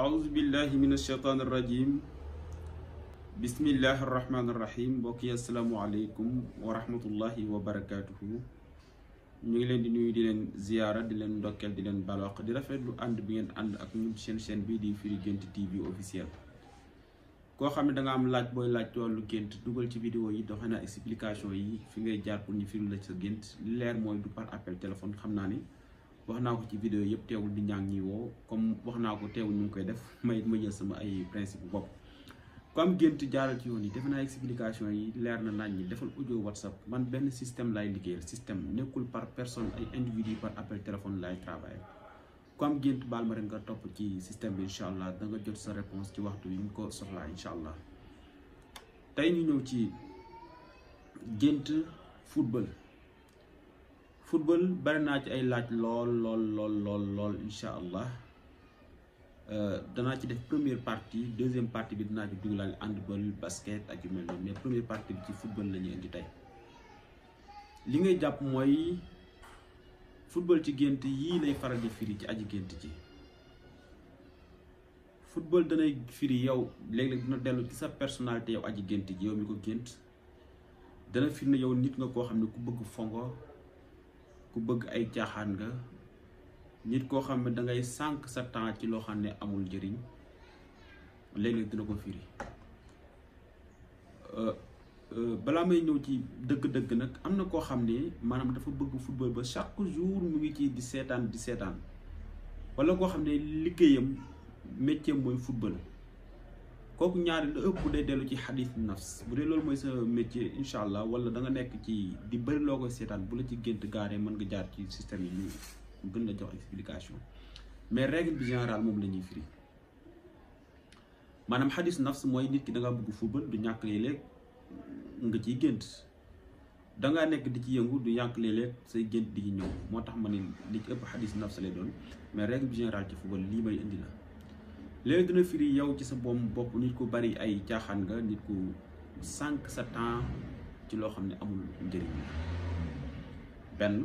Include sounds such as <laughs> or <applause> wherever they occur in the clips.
aouzu billahi min asheytaan irrajim bismillahi arrahmaan irrahim mbokk yi asalaamualeykum wa rahmatullahi wa barakaatuhu ñu ngi leen di nuyu di leen ziyaara di leen ndokkeel di leen balwaq di rafetlu ànd bi ngeen ànd ak ñun seen chaîne bii di Firi Guent TV officiel koo xam ne danga am laaj booy laaj ci wàllu gént dugal ci vidéo yi doxe naa explication yi fi ngay jaar pour ñu firi la sa gént li leer mooy du par appel téléphone xam naa ni wax naa ko ci vidéo yëpp teewul di njàng ñi woo comme wax naa ko teewul ñu ngi koy def <laughs> may ma jël sama ay principe bopp ku am gént jaaral ci yoon yi defe naa explication yi leer na nañ ñi defal audio whatsapp man benn système laay liggéeyal système nekkul par personne ay individu par appel téléphone laay travail ku am gént baal ma nga topp ci système bi incha allah da nga jot sa réponse ci waxtu yi ñu ko soxlaa incha allah tey ñu ñëw ci gént football football bari naa ci ay laaj lool lool lool lool lool incha allah euh, danaa ci def première partie deuxième partie bi dinaa ci dugalaale handball basket ak yu mel noonu mais première bi ci football la ñuy indi tey li ngay jàpp mooy football ci gént yii lay faral di firi ci aji gént ji football danay firi yow léegi léeg dina dellu ci sa personnalité yow aji gént ji yow mi ko gént dana firi ne yow nit nga koo xam ne ku bëgg fongo ku bëgg ay caaxaan nga nit koo xam ne dangay sànq sa temps ci loo xam ne amul njëriñ léeg-léeg dina ko firi euh, euh, balaa may ñëw ci dëgg-dëgg nag am na koo xam ne maanaam dafa bëgg football ba chaque jour mu ngi ci di seetaan di seetaan wala koo xam ne liggéeyam métier mooy football kooku ñaari la ëpp day dellu ci xadis nafs bu dee loolu mooy sa métier incha allah wala danga nga nekk ci di bëri loo koy seetaan bu la ci gént gaaree mën nga jaar ci système yi ñu gën la jox explication mais règle bi générale moom lañuy ñuy firi maanaam xadis nafs mooy nit ki da nga bëgg fubal du ñàkk léeg-léeg nga ciy gént da ngaa nekk di ci yëngu du ñàkk léeg say gént di ci ñëw moo tax ma ne li ci ëpp xadis nafs lay doon mais règle bi générale ci fubal lii may indi la léegi dina firi yow ci sa boom bopp nit ku bari ay caaxaan nga nit ku sànq sa temps ci loo xam ne amul njëriñ benn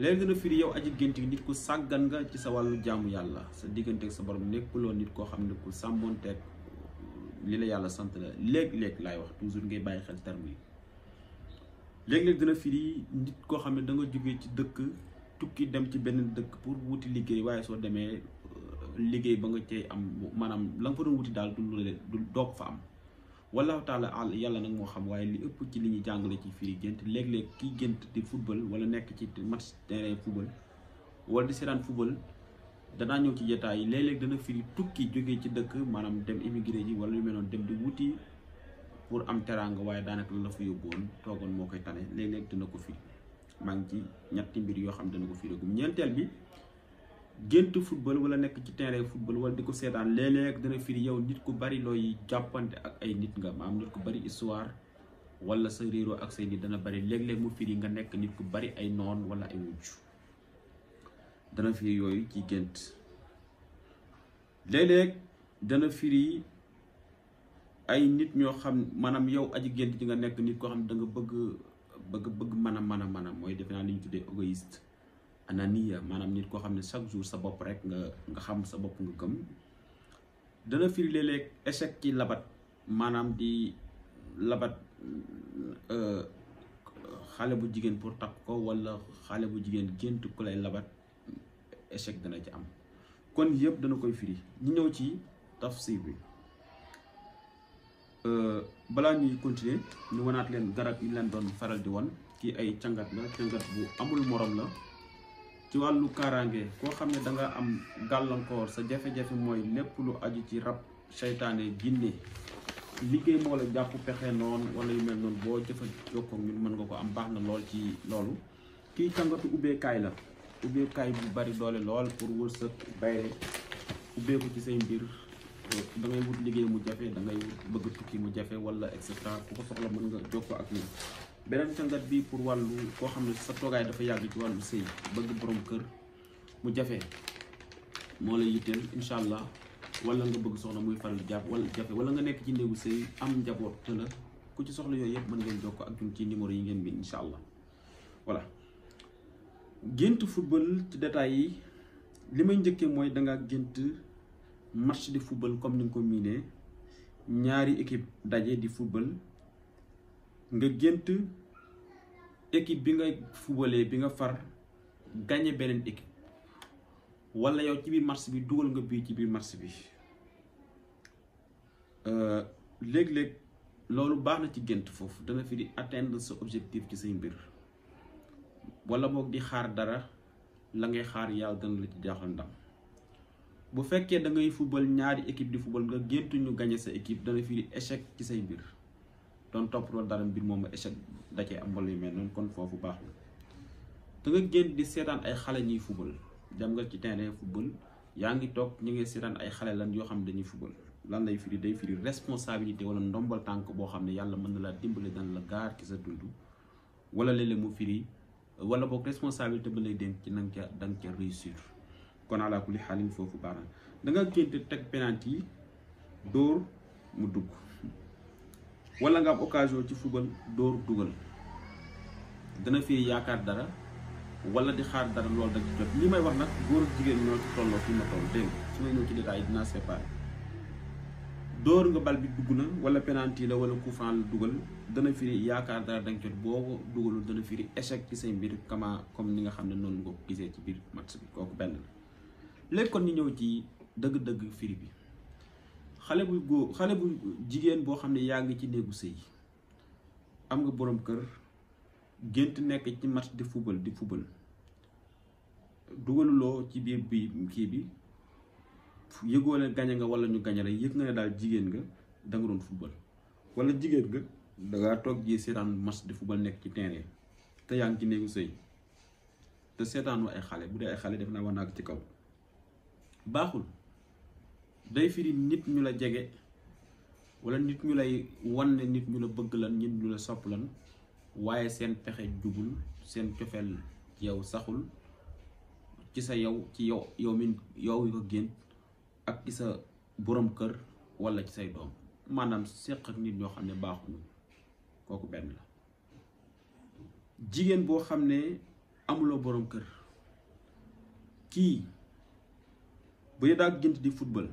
léegi dina firi yow aji gént nit ku sàggan nga ci sa wàllu jaamu yàlla sa diggante ak sa borom nekkuloo nit koo xam ne ku sàmmoonteeg li la yàlla sant la léeg-léeg laay wax toujours ngay bàyyi xel terme yi léeg-léeg dina firi nit koo xam ne danga jóge ci dëkk tukki dem ci benn dëkk pour wuti liggéey waaye soo demee liggéey ba nga cay am maanaam la nga fa doon wuti daal du du doo fa am wallahu taala àll yàlla nag moo xam waaye li ëpp ci li ñuy jàngale ci firi gént léeg-léeg kiy gént di football wala nekk ci match terrain football wala di seetaan football danaa ñëw ci jotaay yi léeg-léeg dana firi tukki jógee ci dëkk maanaam dem immigré ji wala lu mel noonu dem di wuti pour am teraanga waaye daanaka la fa yóbbuwoon toogoon moo koy tane léeg-léeg dana ko firi maa ngi ci ñetti mbir yoo xam dana ko firi gum ñeenteel bi gént football wala nekk ci terrain football wala di ko seetaan léeg-léeg dana firi yow nit ku bari looy jàppante ak ay nit nga maam nit ku bari histoire wala sa réeroo ak say nit dana bari léeg-léeg mu firi nga nekk nit ku bari ay noon wala ay wujj dana firi yooyu ci gént léeg-léeg dana firi ay nit ñoo xam maanaam yow aji gént ji nga nekk nit koo xam ne da nga bëgg bëgg bëgg mën a mën a mën mooy def naa li ñu tuddee égoïste ananiya maanaam nit koo xam ne chaque jour sa bopp rek nga nga xam sa bopp nga gëm dana firi léeg-léeg échec ci labat maanaam di labat euh, xale bu jigéen pour takk ko walla xaale bu jigéen gént ku lay labat échec dana ci am kon yëpp dana koy firi ñu ñëw ci tafsir bi euh, balaa ñuy continuer ñu wanaat leen garab yi leen doon faral di won kii ay càngat la cangat bu amul moroom la ci wàllu kaaraange koo xam ne danga am gàllankoor sa jafe-jafe mooy lépp lu aju ci rab seytaane jinne liggéey moo la jàpp pexe noonu wala yu mel noonu boo jëfa jokkoo ñun mën nga ko am baax na lool ci loolu kii càngatu ubbeekaay la ubbeekaay bu bari doole lool pour wërsëg bayre ubbeeku ci say mbir da ngay wut liggéey mu jafe da ngay bëgg tukki mu jafe wala et cetera ku ko soxla mën nga jokkoo ak ñun beneen càngat bi pour wàllu koo xam ne sa toogaay dafa yàgg ci wàllu sëy bëgg borom kër mu jafe moo la yitteel incha allah wala nga bëgg soxna muy faral jàpp wala jafe wala nga nekk ci néegu sëy am njaboot te ku ci soxla yooyu yëpp mën ngeen jokkoo ak ñun ci numéro yi ngeen bi incha allah voilà. gént football ci détails yi li may njëkkee mooy danga ngaa gént match de football comme ni nga ko miinee ñaari équipe daje di football. nga gént équipe bi nga fubalee bi nga far gagné beneen équipe wala yow ci biir match bi dugal nga bii ci biir match bi euh, léeg-léeg loolu baax na ci gént foofu dana fi di atteindre sa objectif ci say mbir walla boog di xaar dara la ngay xaar yàlla dana la ci jaaxal ndam bu fekkee da ngay fubal ñaari équipe di fubal nga géntu ñu sa équipe dana fi échec ci say mbir doon topp wala dara mbir moom échec da cee am wala yu mel noonu kon foofu baax na da génn di seetaan ay xale ñuy fubal dem nga ci terrain fubal yaa ngi toog ñu ngi seetaan ay xale lan yoo xam ne dañuy fubal lan lay firi day firi responsabilité wala ndombal tànk boo xam ne yàlla mën na laa dimbale daan la gaar ci sa dund wala léeg-léeg mu firi wala boog responsabilité ba lay dénk ci na nga ca da nga réussir kon alaa kulli xaalin foofu baax na da nga teg penalty yi dóor dugg. wala nga am occasion ci football dóor dugal dana fi yaakaar dara walla di xaar dara loolu rek jot li may wax nag góor ak jigéen ñoo ci tolloo fi ma toll dégg su may ñëw ci détail yi dinaa séparé door nga bal bi dugg na wala penalty la wala coup franc dugal dana firi yaakaar dara danga jot boo ko dugalul dana firi échec ci say mbir kama comme ni nga xam ne noonu nga ko gisee ci biir match bi kooku benn la léegi kon ñu ñëw ci dëgg-dëgg firi bi. xale bu góor xale bu jigéen boo xam ne yaa ngi ci néegu sëy am nga boroom kër gént nekk ci match di fubal di fubal dugaluloo ci biir bi kii bi yëgoo ne gañe nga walla ñu gañe la yëg nga ne daal jigéen nga danga doon fubal walla jigéen nga dangaa toog ji seetaan match di fubal nekk ci terrain te yaa ngi ci néegu sëy te seetaanoo ay xale bu dee ay xale def naa war naa ko ci kaw baaxul day firi nit ñu la jege walla nit ñu lay wan ne nit ñu la bëgg lan nit ñu la sopp lan waaye seen pexe jubul seen cofeel ci yow saxul ci sa yow ci yow yow min yow yu ko génn ak ci sa boroom kër wala ci say doom maanaam séq ak nit ñoo xam ne baaxuñu kooku benn la jigéen boo xam ne amuloo borom kër kii bu dee daa gént di futbal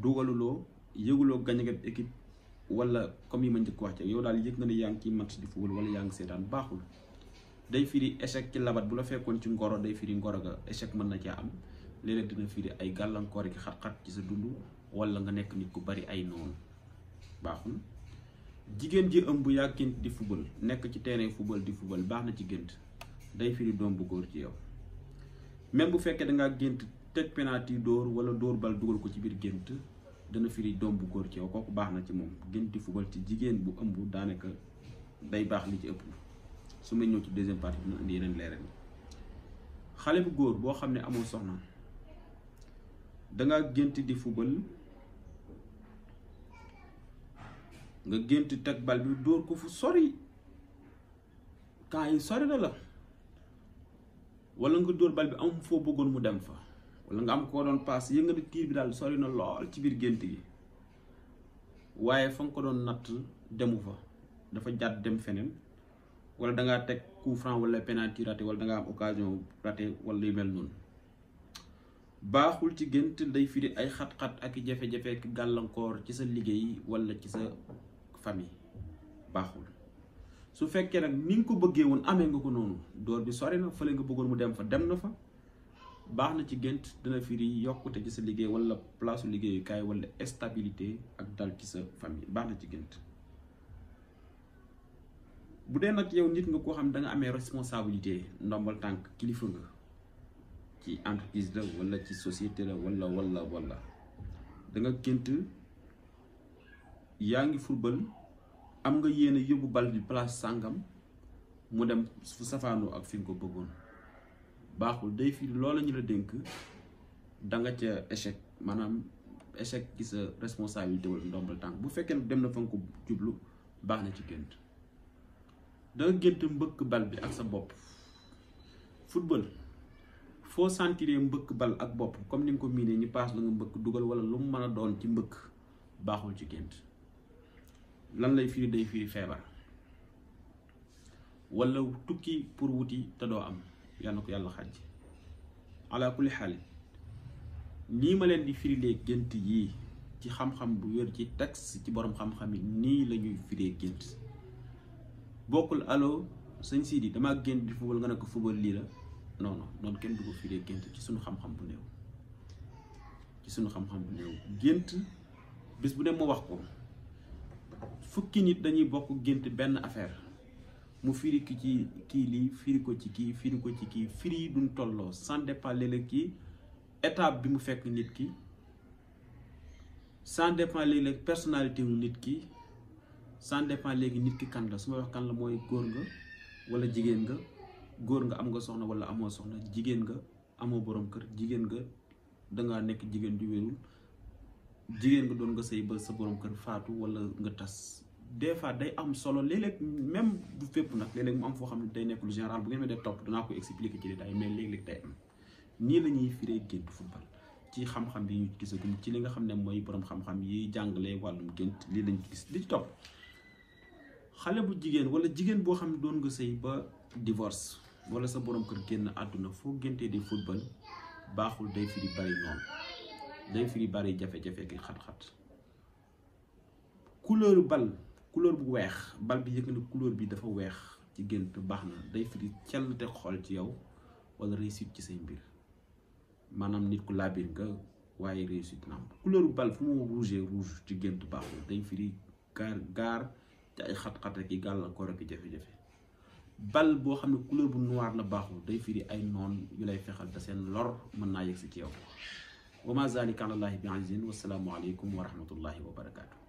dugaluloo yëguloo gañe nga équipe wala comme yi ma njëkk wax ci yow daal yëg nga ne yaa ngi ciy match di football wala yaa ngi seetaan baaxul day firi échec ci labat bu la fekkoon ci ngoro day firi ngoro ga échec mën na caa am léeg-léeg dina firi ay gàllankoor ki xat-xat ci sa dund wala nga nekk nit ku bari ay noonu baaxul jigéen ji ëmb yàggint di football nekk ci terrain football di football baax na ci gént day firi doom bu góor ci yow même bu fekkee dangaa teg penalty dóor wala dóor bal dugal ko ci biir gént dana firi doom bu góor ci yow kooku baax na ci moom di fubal ci jigéen bu ëmb daanaka day baax li ci ëpp su ma ñëw ci deuxième partie dina indi yeneen xale bu góor boo xam ne amoo soxna danga gént di fubal nga gént teg bal bi dóor ko fu sori kaa yi sori na la wala nga dóor bal bi am foo bëggoon mu dem fa wala nga am koo doon paas yëngatu tiir bi daal sori na lool ci biir gént gi waaye fa nga ko doon natt demu fa dafa jàdd dem feneen wala da teg coup franc wala penalty raté wala da ngaa am occasion raté wala yu mel noonu baaxul ci gént day firi ay xat-xat ak jafe-jafe ak gàllankoor ci sa liggéey wala ci sa famille baaxul su fekkee nag ni nga ko bëggee woon amee nga ko noonu door bi sori na fële nga bëggoon mu dem fa dem na fa. baax na ci gént dina firi yokkute ci sa liggéey wala place liggéeyukaay wala stabilité ak dal ci sa famille baax na ci gént bu dee nag yow nit nga koo xam da nga amee responsabilité ndombal tànk kilifa nga ci entreprise la wala ci société la wala wala wala da gént yaa ngi football am nga yéene yóbbu bal bi place sàngam mu dem fu safaanoo ak fi nga ko bëggoon baaxul day fii loola ñu la dénk da nga ca échec maanaam échec ci sa responsabilité wala ndombal tànk bu fekkee dem na fa nga ko jublu baax na ci gént da nga gént mbëkk bal bi ak sa bopp football foo sentiree mbëkk bal ak bopp comme ni nga ko miinee ñu paas la nga mbëkk dugal wala lu mu mën a doon ci mbëkk baaxul ci gént lan lay firi day fii feebar wala tukki pour wuti te doo am yàlla ko yàlla xàjj ala kulli xaal nii ma leen di firile gént yii ci xam-xam bu wér ci texte ci borom xam-xam yi nii lañuy ñuy gént bokkul allo sëñ Sidi damaa gént di fubal nga ne ko fubal lii la non non noonu kenn du ko firee gént ci suñu xam-xam bu néew ci suñu xam-xam bu néew gént bis bu ne mu wax ko fukki nit dañuy bokk gént benn affaire mu firi ki ci kii lii firi ko ci kii firi ko ci kii firi duñ tolloo sans dépend léeg-léeg kii étape bi mu fekk nit ki sans dépend léeg-léeg personnalité wu nit ki sans dépend léegi nit ki kan la su ma wax kan la mooy góor nga wala jigéen nga góor nga am nga soxna wala amoo soxna jigéen nga amoo boroom kër jigéen nga dangaa nekk jigéen ju wérul jigéen nga doon nga sëy ba sa borom kër faatu walla nga tas des fois day am solo léeg-léeg même du fépp nag léeg-léeg mu am foo xam ne day nekkul lu bu ngeen ma dee topp danaa ko expliquer ci détail mais léeg-léeg day am nii la ñuy firee gént football ci xam-xam bi ñu gisagum ci li nga xam ne mooy boroom xam-xam yi jàngale wàllum gént lii lañ gis li ci topp xale bu jigéen wala jigéen boo xam ne doon nga sëy ba divorce wala sa boroom kër génn àdduna foo géntee di football baaxul day firi bari noonu day firi bari jafe-jafe gi xat-xat bal couleur bu weex bal bi yëg na couleur bi dafa weex ci gént baax na day firi cell te xool ci yow wala réussite ci say mbir maanaam nit ku laabir nga waaye réussite na am bu bal fu mu rouge rouge ci gént baaxul day firi gaar gaar ci ay xat-xat ak i gàllankoor ak jafe-jafe bal boo xam ne couleur bu noir la baaxul day firi ay noon yu lay fexal da seen lor mën naa yegg si ci yow wa ma zalika alallaahi bi azizin wasalaamualeykum wa rahmatullahi wa barakaatu